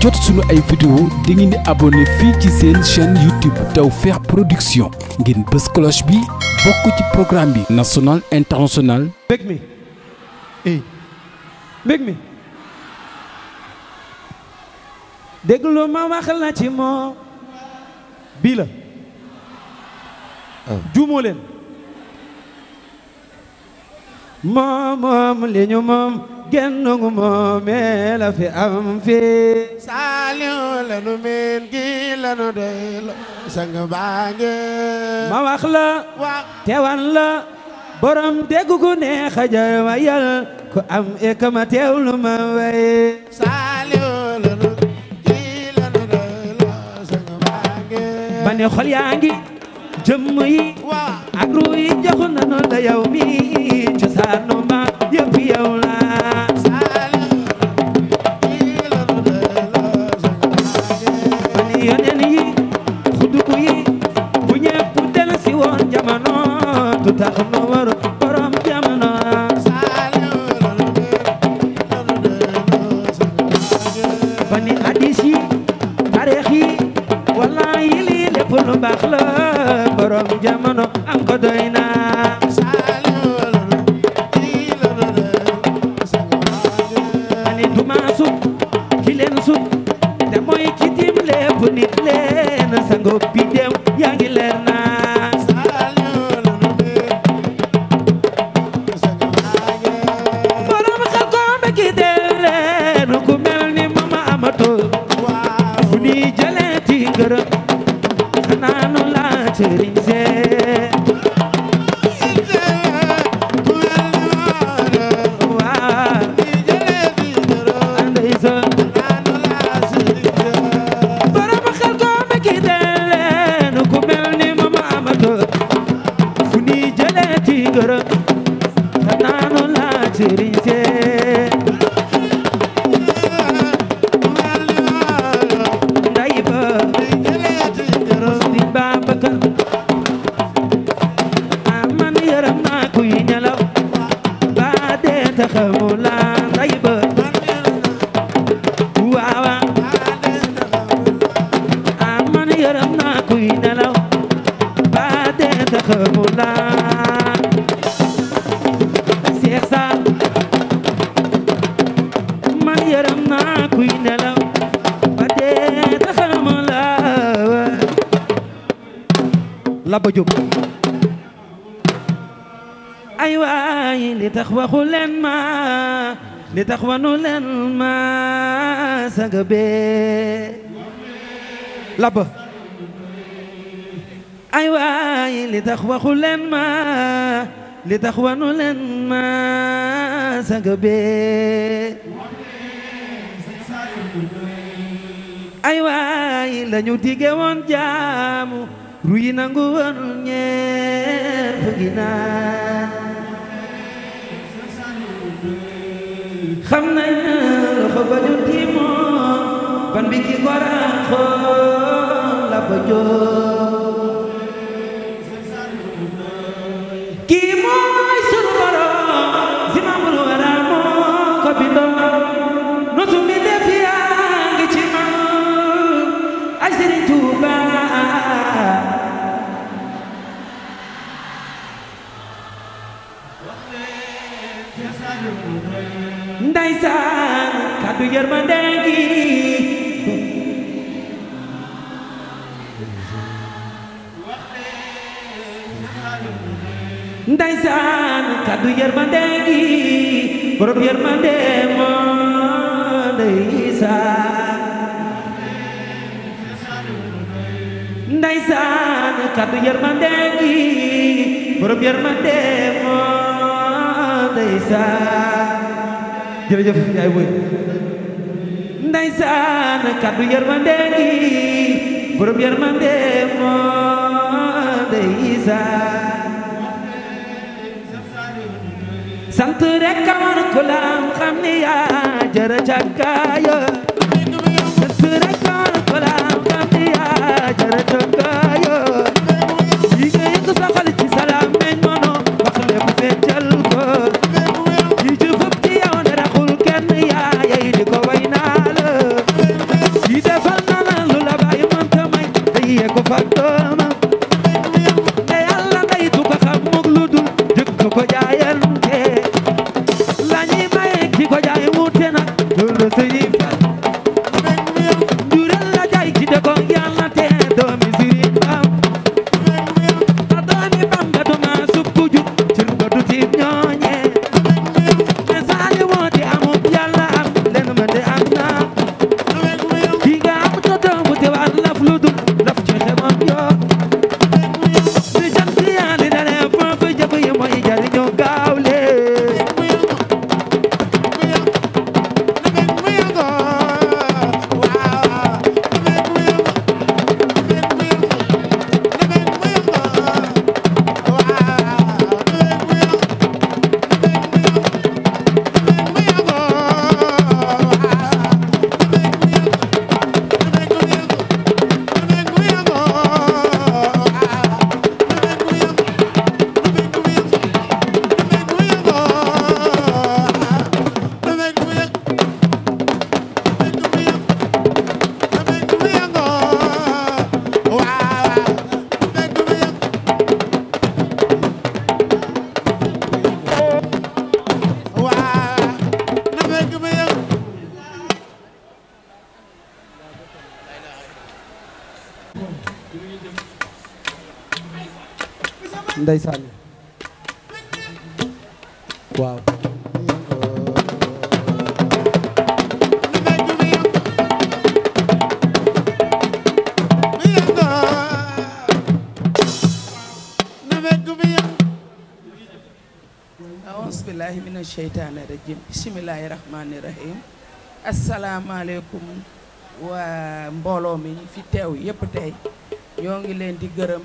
jot suñu ay vidéo da ngeen di abonné fii ci seen chaîne YouTube Tawfekh Production ngeen bës cloche bi bokk ci programme bi national international mbég mi déglu ma wax la ci moom bii la ah. juumoo leen moom moom li ñu moom gennug moomee la fi am fi saaliw la nu meen gi la nu ma wax la tewan borom dégg gu neex a jar wayal ku am ek ma lu ma waye saaliw la nu gi la nu ma ne yaa ngi jëmm yi ak ru yi joxu nanu la yow mi yëpp yow la jamono am ko doy Laba Diop ay waay li tax waxu leen li tax wanu leen ma saga bee Laba ay waay li tax waxu leen ma li tax wanu leen ma saga bee ay waay lañu dige woon jaamu na nangu wanul ñépp ginaar xam nañ na loxo ba jot yi bi ki ko raxoon la ko jóg kii mooy sunu borom si ma bul wara moo ko bindoon nu summi def yaa ngi ci man ay Sëriñ Tuuba ndeysaan kàddu yërmande gi ndeysaan kàddu yërmande gi borom yërmande moo jërëjëf yaay woy ndeysaan kaddu yërmande gi borom yërmande moo ndeysaan sant rek ka war ko la xam ni yaa jërëjëf kaayoo ndeysaan waaw billahi min asheytaani rajim bisimilahi rahmaani rahim asalaamaaleykum waa mbooloo mi fi teew yépp tey ñoo ngi leen di gërëm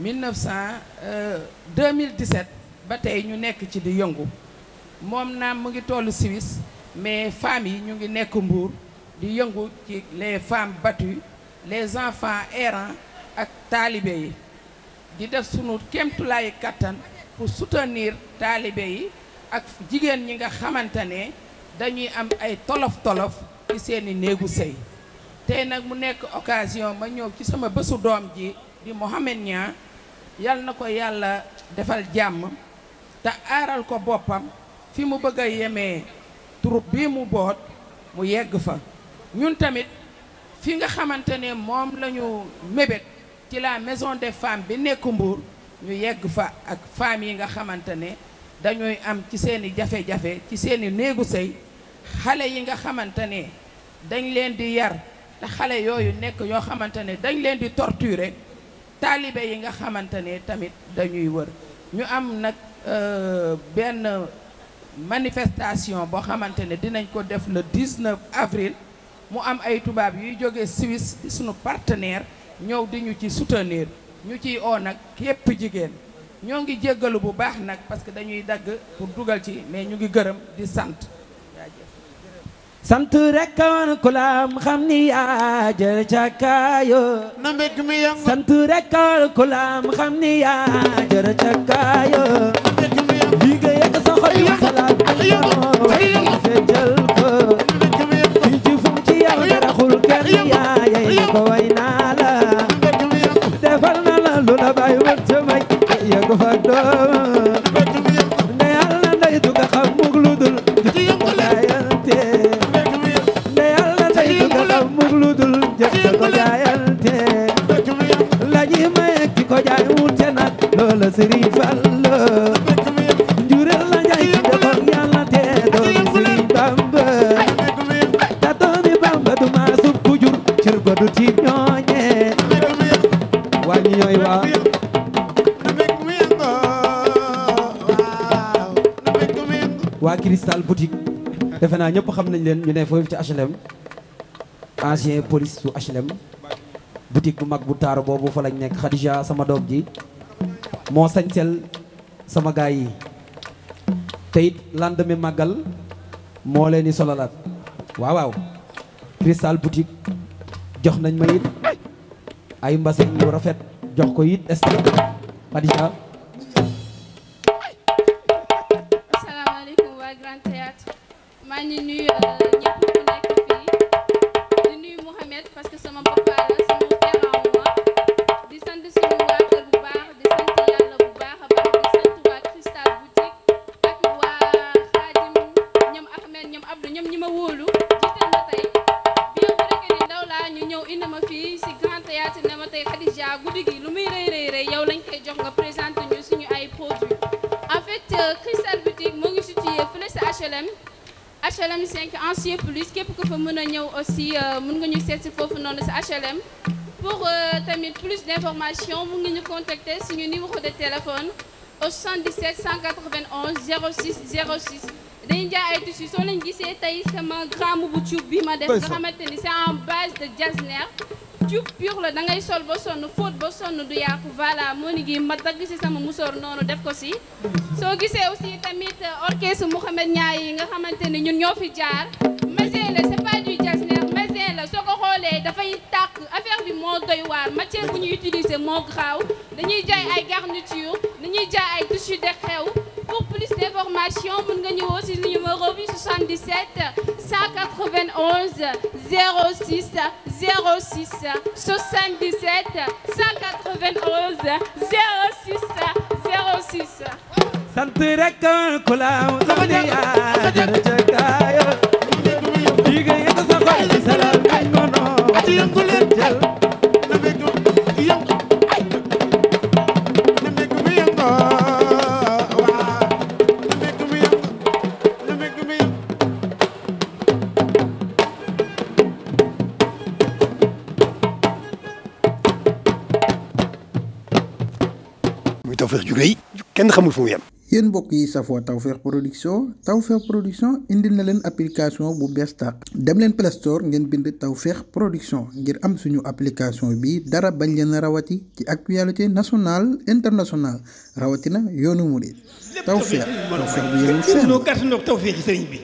1900 2017 euh, ba tey ñu nekk ci di yëngu moom naam mu ngi tollu Suisse mais femmes yi ñu ngi nekk Mbour di yëngu ci les femmes batu les enfants errants ak taalibe yi di def sunu kemtulaay kattan pour soutenir taalibe yi ak jigéen ñi nga xamante ne dañuy am ay tolof tolof ci seeni néegu sëy tey nag mu nekk occasion ma ñëw ci sama bésu doom ji di Mouhamed Niang yal na ko yàlla defal jàmm te aaral ko boppam fi mu bëgg a yemee troupe bi mu boot mu yegg fa ñun tamit fi nga xamante ne moom la ñu mébét ci la maison des femmes bi nekk Mbour ñu yegg fa ak femmes yi nga xamante ne dañuy am ci seeni jafe-jafe ci seeni néegu sëy xale yi nga xamante ne dañ leen di yar te xale yooyu nekk yoo xamante ne dañ leen di torturer taalibe yi nga xamante ne tamit dañuy wër ñu am nag euh, benn manifestation boo xamante ne dinañ ko def le 19 avril mu am ay tubaab yuy jóge Suisse di suñu partenaire ñëw di ñu ci soutenir ñu ciy oo nag képp jigéen ñoo ngi jéggalu bu baax nag parce que dañuy dagg pour dugal ci mais ñu ngi gërëm di sant sant rek kawoon ku la xam ni yaa jël cakaayo. na mbég mi yëngu. sant rek kawoon ku la xam ni yaa jël cakaayo. ko jaayante la ñuy maye ki ko jaay wute nag loola Sëriñ Fallu jurel la jaay ki defoon yàlla te doon Sëriñ Bamba ta dooni ma sub jur cër ba du tiim waa ñu ñooy waa waa Cristal boutique defe naa ñëpp xam nañ leen ñu ne foofu ci HLM ancien police su HLM boutique bu mag bu taaru boobu fa lañ nekk Khadija sama doom ji moo sañsel sama gaay yi te it lendemain màggal moo leen di solalaat waaw waaw Cristal boutique jox nañ ma it ay mbasin yu rafet jox ko it est Moulu jiital ma tey bi ma fekkee ni ndaw laa ñu ñëw indi fii si Grand Théâtre ne ma tey Khadija guddi gi lu muy rëy rëy rëy yow lañ koy jox nga présenté ñu suñu ay produits. en fait euh, Cristal Boutique moo ngi situé fële si HLM HLM 5 ancien plus képp ku fa mën a ñëw aussi euh, mën nga ñu seet si foofu noonu si HLM. pour euh, tamit plus d' information mën ñu contacter suñu numéro de téléphone au 77 191 06 06. dañuy jaay ay tissus soo leen gisee tey sama grand bu cuub bi ma def nga xamante ni c'est en base de jasner cuub pur la da ngay sol ba sonn fóot ba sonn du yàqu voilà moo ni gi ma dagg si sama musoor noonu def ko si soo gisee aussi tamit euh, orchestre Mouhamed Niaye yi nga xamante ni ñun ñoo fi jaar mazin la c'est du jasner mazin la soo ko xoolee dafay tàkk affaire bi moo doy waar matière bu ñuy utiliser moo graaw dañuy jaay ay garniture dañuy jaay ay tissus de xew réaction mën nga ñëwoo si numéro bi 77 191 06 06 77 191 06 06. sant rek ku la xam ne yaa jërëjëf kaayoo. liggéey nga sa bopp si salaam. muy Tawfekh jugee yi kenn xamul fu mu yem. yéen yi safoo Tawfekh production indi na leen application bu bees tàq dem leen Play Store ngeen bind Tawfekh production ngir am suñu application bi dara bañ leen rawati ci actualité nationale internationale rawatina yoonu mu de Tawfekh Tawfekh bu yéen seen.